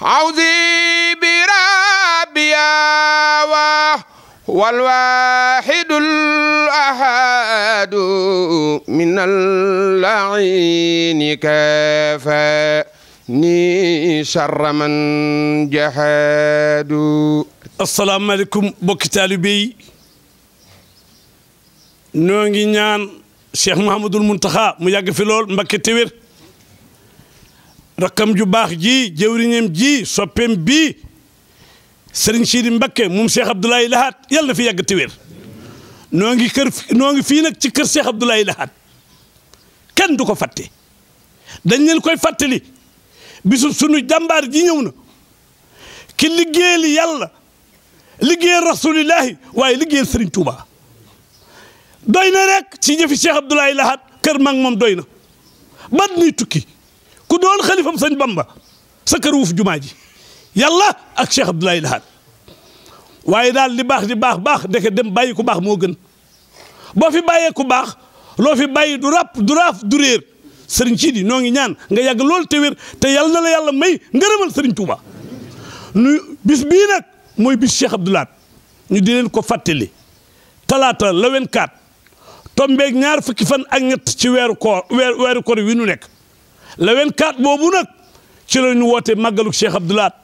عوذي بربيا والواحد الأحد من اللعين كافاني شر من جحد السلام عليكم بوك تالبي نونغي ñaan cheikh mahamadul muntaxa mu yàgg fi lool mbakke téwér rakkam ju baax ji jëwriñam ji soppeem bi sëriñ Sidi Mbakke moom Cheikh Abdoulaye Lahat yàlla na fi yàgg te wér noo ngi kër noo ngi fii nag ci kër Cheikh Abdoulaye Lahat kenn du ko fàtte dañ leen koy fàttali bisu sunu jàmbaar ji ñëw na ki liggéeyal yàlla liggéeyal rasulillahi waaye liggéeyal sëriñ Touba doy na rek ci jëfi Cheikh Abdoulaye Lahat kër mag moom doy na bat ni tukki ku doon xalifam sëñ Bamba sa kër wuuf jumaa ji yàlla ak Cheikh Abdoulaye Lahad waaye daal li baax di baax baax deke dem bàyyi ku baax moo gën boo fi bàyyee ku baax loo fi bàyyi du rapp du raaf du réer sëriñ sii di noo ngi ñaan nga yàgg lool te wér te yàlla na la yàlla may ngërëmal sëriñ Touba nu bis bii nag mooy bis Cheikh Abdou Lahad ñu di leen ko fàttali talaata la wen kaat tombeeg ñaar fukki fan ak ñett ci weeru koor weeru koor wi nu nekk le 24 boobu nag ci la ñu woote màggalu Cheikh Abdou Lahad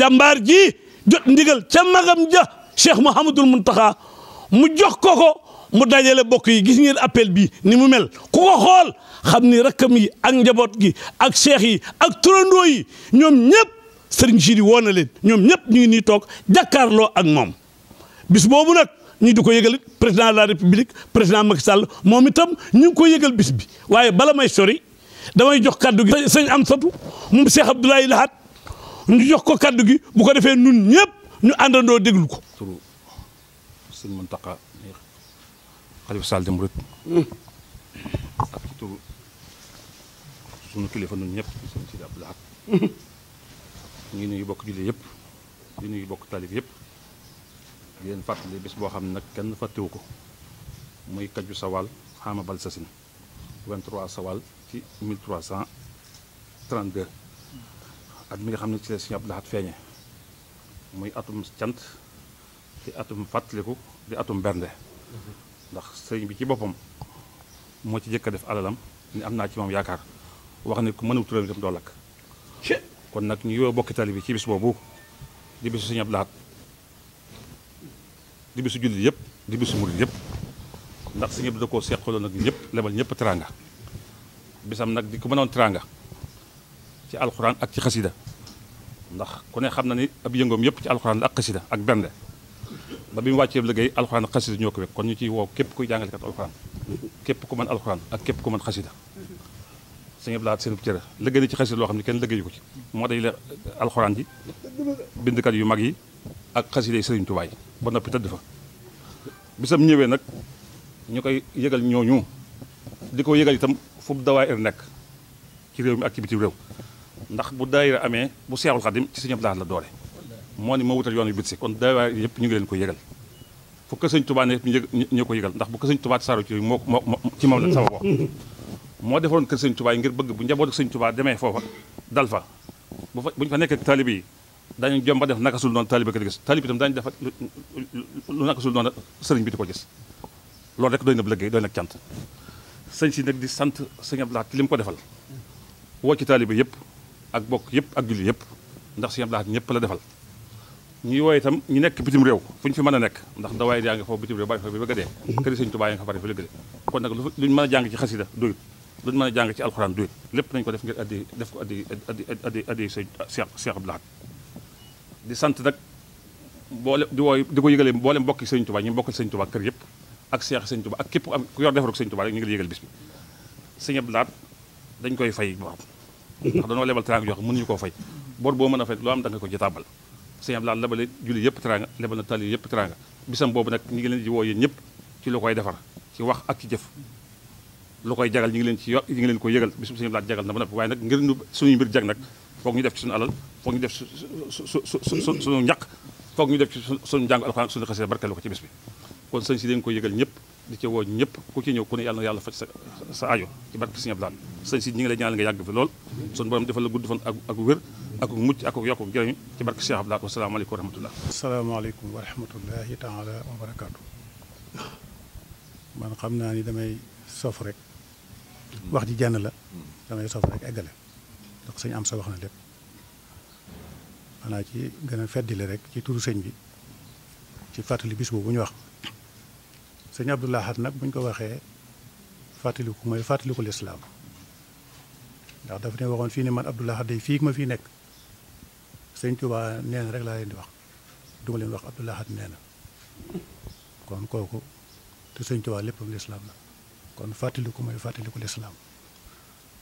jàmbaar ji jot ndigal ca magam ja Cheikh Mouhamadul Muntaxa mu jox ko ko mu dajale bokk yi gis ngeen appel bi ni mu mel ku ko xool xam ni rakkam yi ak njaboot gi ak cheikh yi ak turandoo yi ñoom ñëpp sëriñ si di woo na ñoom ñëpp ñu ngi nii toog jàkkaarloo ak moom bis boobu nag ñu di ko yëgal président de la république président Macky Sall moom itam ñu ngi ko yëgal bis bi waaye bala may damay jox kaddu gi sëñ Amsatu moom Cheikh Abdoulaye Lahat ñu jox ko kaddu gi bu ko defee nun ñëpp ñu àndandoo déglu ko. turu sëñ Mountakha xalifa Sall di Murid ak kilifa nun ñëpp sëñ ñu ngi bokk julli yëpp di nuyu bokk taalib yëpp di leen fàttali boo xam ne nag kenn fàttewu ko muy kaju sawaal xaama bal sasin 23 sawaal ci 1332 ak mi nga xam ne ci la Sëriñ Abdou Lahad feeñe muy atum cant di atum fàttaliku di atum bernde ndax sëriñ bi ci boppam moo ci jëkk def alalam ni am naa ci moom yaakaar wax ne ku mënu turam itam doo lakk kon nag ñu yoo bokki tali bi ci bis boobu di bisu Sëriñ Abdou Lahad di bisu jullit yëpp di bisu murit yëpp ndax Sëriñ Abdou da koo seqloo nag ñëpp lebal ñëpp teranga bisam nag di ku mënoon teraanga ci alxuraan ak ci xasida ndax ku ne xam na ni ab yëngoom yëpp ci alxuraan la ak xasida ak bernde ba bi mu wàccee liggéey alxuraan ak xasida ñoo ko wekk kon ñu ciy woo képp kuy jàngalekat alxuraan képp ku mën alxuraan ak képp ku mën xasida sëñ Abdou Lahad seenub cëre liggéey na ci xasida loo xam ne kenn liggéeyu ko ci moo day la alxuraan ji bindkat yu mag yi ak xasida yi sëriñ Tuubaa ba noppi tëdd fa bisam ñëwee nag ñu koy yëgal ñooñu di ko yëgal itam fu dawaayir nekk ci réew mi ak ci bitim réew ndax bu day amee bu seexul xadim ci sëñ Abdou la doore moo ni moo wutal yoon yu bitsi kon dawaayir yëpp ñu ngi leen ko sëñ Tuubaa ne ñu ñu ko yëgal ndax bu ko sëñ Tuubaa saaro moo moo ci moom la sama wax moo defaroon kër sëñ Tuubaa ngir bëgg bu njaboot ak sëñ Tuubaa demee foofa dal fa bu fa bu ñu fa nekkee taalibe yi dañu jom ba def nakasul noonu taalibe ko di gis taalibe itam daañu def lu nakasul noonu sëriñ bi di ko gis loolu rek doy na bu liggéey doy cant sëñ si nag di sant sëñ Abdou Lahad li mu ko defal woo ci taaliba yëpp ak bokk yëpp ak julli yëpp ndax sëñ Abdou Lahad ñëpp la defal ñuy wooye itam ñu nekk bitim réew fu ñu fi mën a nekk ndax dawaay yaa nga foofu bitim réew bari fa bi a dee mhm. këri sëñ Tuubaa yi nga fa bari fa léegi kon nag lu ñu mën a jàng ci xasida doyut lu mën a jàng ci alxuraan doyut lépp nañu ko def ngir addi def ko addi addi addi sëñ Cheikh Abdou di sant nag boole di wooy di ko yëgalee boole mbokki sëñ Tuubaa ñu bokkal sëñ Tuubaa kër yëpp ak seex sëñ Tuba ak képp ku am ku yor defarug sëñ Tuba rek ñu ngi la yëgal bis bi sëñ Abdou Lahad dañ koy fay boo xam ndax dañoo lebal teraanga yoo xam mënuñu koo fay bor boo mën a fay loo am da nga ko ci tàbbal sëñ Abdou Lahad lebal julli yëpp teraanga lebal na tali yëpp teraanga bisam boobu nag ñu ngi leen di woo yéen ñëpp ci lu koy defar ci wax ak ci jëf lu koy jagal ñu ngi leen ci yo ñu ngi leen ko yëgal bis bu sëñ Abdou Lahad jagal na ba noppi waaye nag ngir ñu suñuy mbir jag nag foog ñu def ci suñu alal foog ñu def su su su suñu ñaq foog ñu def ci suñu njàng alxuraan suñu xasee barkeelu ko ci bis kon sëñ si dañ ko yëgal ñëpp di ci woo ñëpp ku ci ñëw ku ne yàlla na yàlla faj sa sa ajo ci barke Sëñ Abdou Lahad sëñ si ñu ngi lay ñaanal nga yàgg fi lool sun borom defal la gudd fan ak ak wér ak mucc ak yokku jëriñ ci barke Sëñ Abdou Lahad wasalaamaaleykum wa wa rahmatullahi taala wa barakaatu man xam naa ni damay sof wax ji jànn la damay sëñ am sa wax ci gën a rek ci turu sëñ bi ci fàttali bis boobu ñu wax sëñ Abdoul Ahad nag buñ ko waxee fàttaliku mooy fàttaliku lislaam ndax daf ne waxoon fii ne man Abdoul day fii ma fii nekk sëñ Tuubaa nee rek laa leen di wax duma leen wax Abdoul Ahad nee na kon kooku te sëñ Tuubaa léppam lislaam la kon fàttaliku mooy fàttaliku lislaam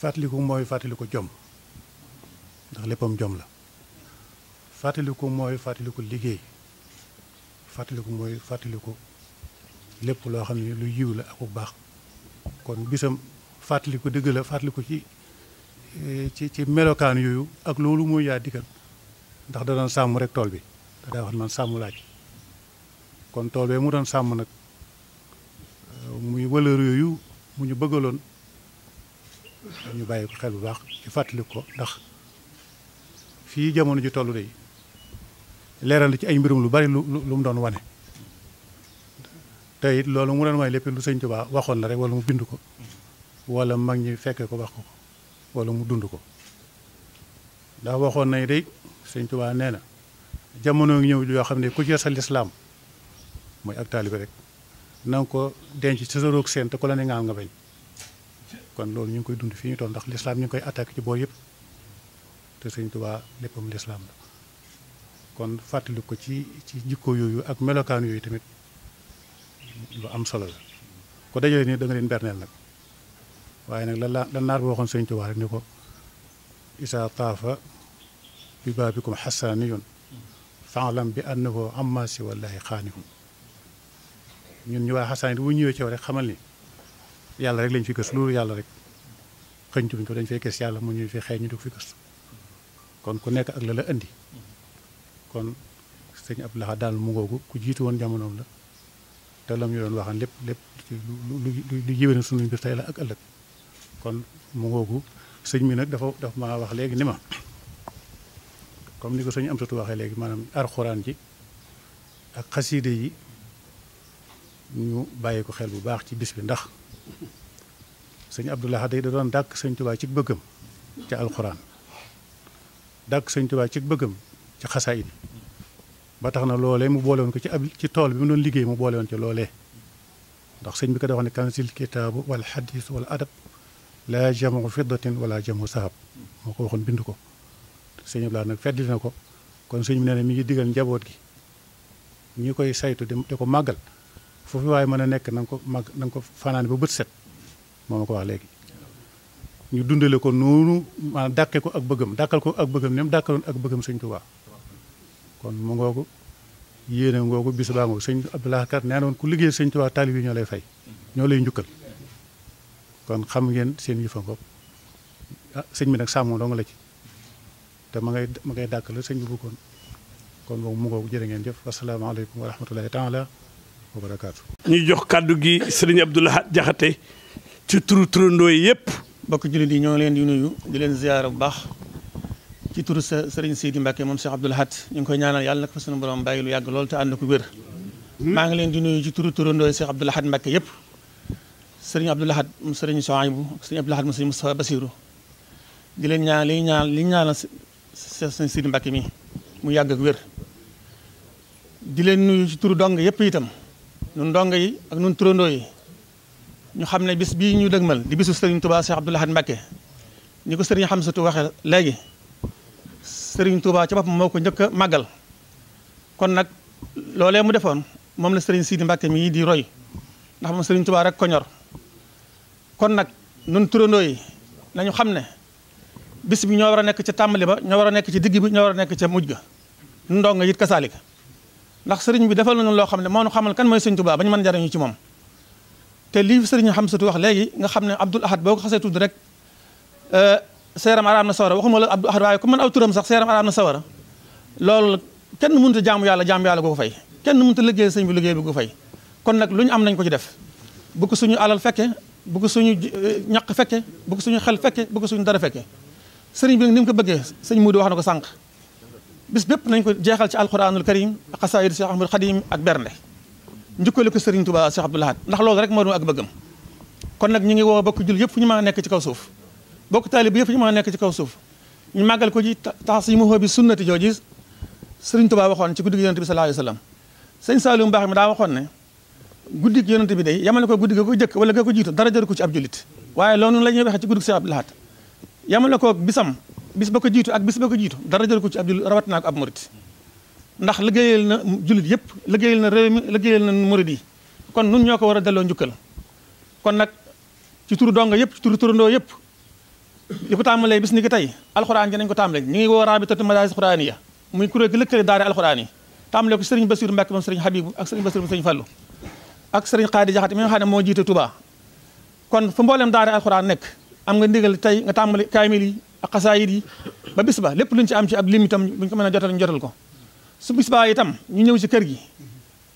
fàttaliku mooy fàttaliku jom ndax léppam jom la fàttaliku mooy fàttaliku liggéey fàttaliku mooy fàttaliku lépp loo xam ne lu yiw la ak bu baax kon bisam fàttaliku dëgg la fàttaliku ci eh, ci ci melokaan yooyu ak loolu mooy yaa dikkal ndax da doon sàmm rek tool bi da daa wax man sàmm laaj kon tool bee mu doon sàmm nag eh, muy valeur yooyu mu ñu bëggaloon ñu bàyyi ko xel bu baax ci fàttaliku ko ndax fii jamono ji toll de leeral ci ay mbirum lu bari lu lu mu doon wane te loolu mu doon way lépp lu sëñ Tuubaa waxoon la rek wala mu bind ko wala mag ñi fekke ko wax ko wala mu dund ko ndax waxoon nañ day sëñ Tuubaa nee na jamono ngi ñëw yoo xam ne ku ci sa lislaam mooy ak taalibe rek na ko denc ci sa roog seen te ku la ne ngaam nga bañ kon loolu ñu ngi koy dund fii ñu tool ndax lislaam ñu ngi koy attaqué ci boor yëpp te sëñ Tuubaa léppam lislaam la kon fàttali ko ci ci jikko yooyu ak melokaan yooyu tamit lu am solo la ko dajale nii da leen berneel nag waaye nag la la naar bi waxoon sëñ Tuubaa rek ni ko isa taafa bi baabikum xasaniyun faalam bi annahu amma si wallahi xaanihum ñun ñu waa xasaan yi bu ñëwee ci yow rek xamal ni yàlla rek lañ fi gës loolu yàlla rek xëñtuñ ko dañ fay gës yàlla mu ñuy fi xëy ñu du fi gës kon ku nekk ak la la indi kon sëñ ab laxa daal mu ngoogu ku jiitu woon jamonoom la te lam ñu doon waxaan lépp lépp lu jiwéne suñu mbir tey la ak ëllëg kon mu ngoogu sëñ mi nag dafa daf ma wax léegi ni ma comme ni ko sëñ am satu waxee léegi maanaam alxuraan ji ak xasiide yi ñu bàyyi ko xel bu baax ci bis bi ndax sëñ Abdoulaye day da doon dàkk sëñ Tuubaa ci bëggam ci alxuraan dàkk sëñ Tuubaa ci bëggam ci xasaayid ba tax na loolee mu boole woon ko ci ab ci tool bi mu doon liggéey mu boole woon ci loolee ndax sëñ bi ko da wax ne kansil kitaabu wala xadis wala adab la jamu fiddatin wala jamu sahab moo ko waxoon bindu ko sëñ laa nag feddli na ko kon sëñ bi nee na mi ngi digal njaboot gi ñu koy saytu di ko màggal foofu waaye mën a nekk na ko màgg na nga ko fanaan ba bët set moo ma ko wax léegi ñu dundale ko noonu maa dàkke ko ak bëggam dàkkal ko ak bëggam nem dàkkaloon ak bëggam sëñ Tuubaa kon mu ngoogu yéene ngoogu bis baa ngoogu sëñ Abdoulaye Kar nee noon ku liggéey sëñ Tuubaa taalib yi ñoo lay fay ñoo lay njukkal kon xam ngeen seen yëfa ngoog ah sëñ bi nag sàmm dong la ci te ma ngay ma ngay dàkk la sëñ bi bëggoon kon boobu mu ngeen jëf asalaamaaleykum wa rahmatulahi taala wa barakaatu ñuy jox kàddu gi sëriñ Abdoulaye Jaxate ci turu turandoo yi yëpp mbokk jullit yi ñoo leen di nuyu leen ziyaara bu baax ci turu sa sëriñ Seydi Mbacke moom Cheikh Abdoul Ahad ñu ngi koy ñaanal yàlla na ko fa sunu borom bàyyi lu yàgg lool te ànd ko wér. Hmm? maa ngi leen di nuyu ci turu turandoo Cheikh Abdoul Ahad Mbacke yëpp. sëriñ Abdoul Ahad mu sëriñ Souhaïbou sëriñ Abdoul Ahad mu sëriñ Moustapha Bassirou di leen ñaan li ñaan li ñaanal sëriñ Seydi Mbacke mi mu yàgg ak wér. di leen nuyu ci turu yëpp itam nun yi ak nun turandoo yi ñu xam ne bis bii ñu dëgmal di bisu sëriñ Touba Cheikh Abdoul Ahad Mbacke ñi ko sëriñ Hamsatou waxee léegi. sëriñ Touba ci boppam moo ko njëkk a màggal kon nag loolee mu defoon moom la sëriñ Sidi mbakke mii di roy ndax moom sëriñ Touba rek ko ñor kon nag nun turandoo yi nañu xam ne bis bi ñoo war a nekk ca tàmbali ba ñoo war a nekk ci digg bi ñoo war a nekk ca mujj ga nun doo nga yit kasaalika ndax sëriñ bi defal nañu loo xam ne moo nu xamal kan mooy sëriñ Touba ba ñu mën jariñu ci moom te lii sëriñ xam Xamsatu wax léegi nga xam ne Abdul Ahad boo ko xasee seeram araam na sawara waxuma la Abdou Ahad waaye ku mën aw turam sax seeram araam na sawara loolu kenn mënut a jaamu yàlla jaamu yàlla googu fay kenn mënut a liggéey sëñ bi liggéey bi gu fay kon nag lu ñu am nañ ko ci def bu ko suñu alal fekke bu ko suñu eh, ñaq fekke bu suñu xel fekke bu ko suñu dara fekke sëriñ bi ni mu ko bëggee sëñ Muudu wax na ko sànq bis bépp nañ ko jeexal ci alquranul karim xasaayid Cheikh Ahmadou Khadim ak bernde njukkale ko sëriñ Tuubaa Cheikh Abdoul Ahad ndax rek moo ak bëggam kon nag ñu ngi woo bokk jul yëpp fu ñu mën nekk ci kaw suuf bokk taalib yëpp ñu mën a nekk ci kaw suuf ñu màggal ko ci tax si mu xoo bi sunnati jooji sëriñ Tuubaa waxoon ci guddi gi yonent bi sallallahu alayhi wasallam sëñ Saliou mi daa waxoon ne guddi gi yonent bi day yamale ko guddi ga ko jëkk wala ga ko jiitu dara ko ci ab julit waaye loolu la ñuy waxee ci guddi Cheikh Abdou Lahad yamale ko bisam bis ba ko jiitu ak bis ba ko jiitu dara jaru ko ci ab julit rawat naa ko ab murit ndax liggéeyal na julit yëpp liggéeyal na réew mi liggéeyal na murit yi kon nun ñoo ko war a delloo njukkal kon nag ci turu donga yëpp ci turu turandoo yëpp li ko tàmbalee bis ni ki tey alxuraan gi nañ ko tàmbalee ñu ngi woo rabitatu madaaris xuraaniya muy kuréel gi lëkkale daara alxuraan yi tàmbalee ko sëriñ Basiru Mbàkke moom sëriñ Habibu ak sëriñ Basiru moom sëriñ Fallu ak sëriñ Xaadi Jaxate mi nga xam ne moo jiite Touba kon fu mboolem daara alxuraan nekk am nga ndigal tey nga tàmbali kaamil yi ak xasaayid yi ba bis ba lépp luñ ci am ci ab lim itam buñ ko mën a jotal ñu jotal ko su bis ba itam ñu ñëw si kër gi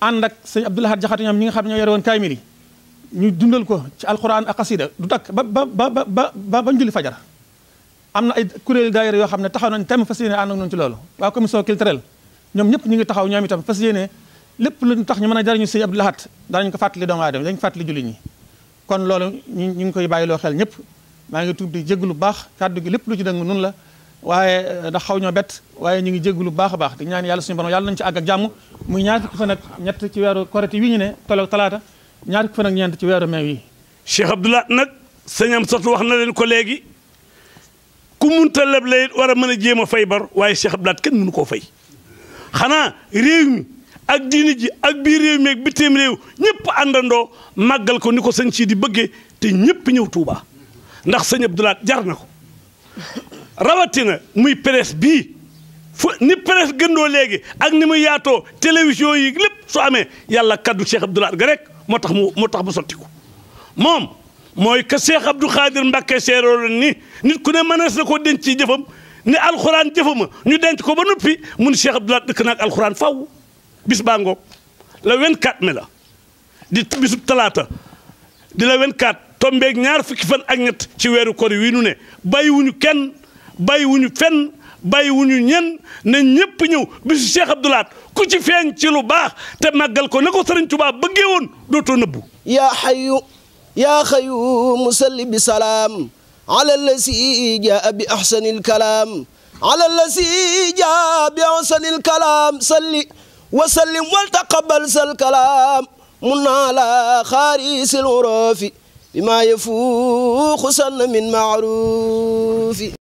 ànd ak sëñ Abdoulahad Jaxate ñoom ñi nga xam ne ñoo yore woon kaamil yi ñu dundal ko ci alxuraan a xasida du dakk ba ba ba ba ba bañ julli fajar am na ay kuréel daayira yoo xam ne taxaw nañ tam fas yéene ànd ak noonu ci loolu waa commission culturelle ñoom ñëpp ñu ngi taxaw ñoom itam fas yéene tax ñu mën a jariñu sëñ Abdou Lahat danañ ko fàttali doomu aadama dañ fàttali julli ñi kon loolu ñu ñu ngi koy bàyyiloo xel ñëpp maa ngi tuub di lu baax kàddu gi lépp lu ci dëng nun la waaye eh, ndax xaw ñoo bett waaye ñu ngi lu baax a baax di ñaan yàlla suñu borom yàlla nañu ci àgg ak jàmm muy ñaar fukki fan ak ñett ci weeru ñu ne talaata ñaari fan ak ñeent ci weeru mai wi. Cheikh Abdoulaye nag sëñam am sot wax na leen ko léegi ku munta leble war a mën a jéem a fay bar waaye Cheikh Abdoulaye kenn mënu koo fay xanaa réew mi ak diini ji ak biir réew mi bi bitim réew ñëpp àndandoo màggal ko ni ko sëñ si di bëggee te ñëpp ñëw tuuba ndax sëñ Abdoulaye jar na ko rawatina muy presse bii fu ni presse gëndoo léegi ak ni mu yaatoo télévision yi lépp su amee yàlla kaddu Cheikh Abdoulaye ga rek. moo tax mu moo tax mu sotti ko moom mooy que Cheikh Abdou Khadir Mbacke seeroon ni nit ku ne mën a koo denc ci jëfam ni alxuraan jëfama ñu denc ko ba noppi mun Cheikh Abdoulaye dëkk naag alxuraan faw bis baa ngoog le 24 mai la di bisub talaata di le 24 tombeeg ñaar fukki fan ak ñett ci weeru kor wi nu ne bàyyiwuñu kenn bàyyiwuñu fenn bàyyiwuñu ñen ne ñëpp ñëw bisu Cheikh Abdou ku ci feeñ ci lu baax te màggal ko na ko Sëriñ Tuubaa bëggee woon dootoo nëbbu yaa xayu yaa xayu musalli ala lasi jaa bi ahsani alkalaam ala lasi wal taqabal sal mun naa la xaarisil bi maa yafuuxu sann min maaruufi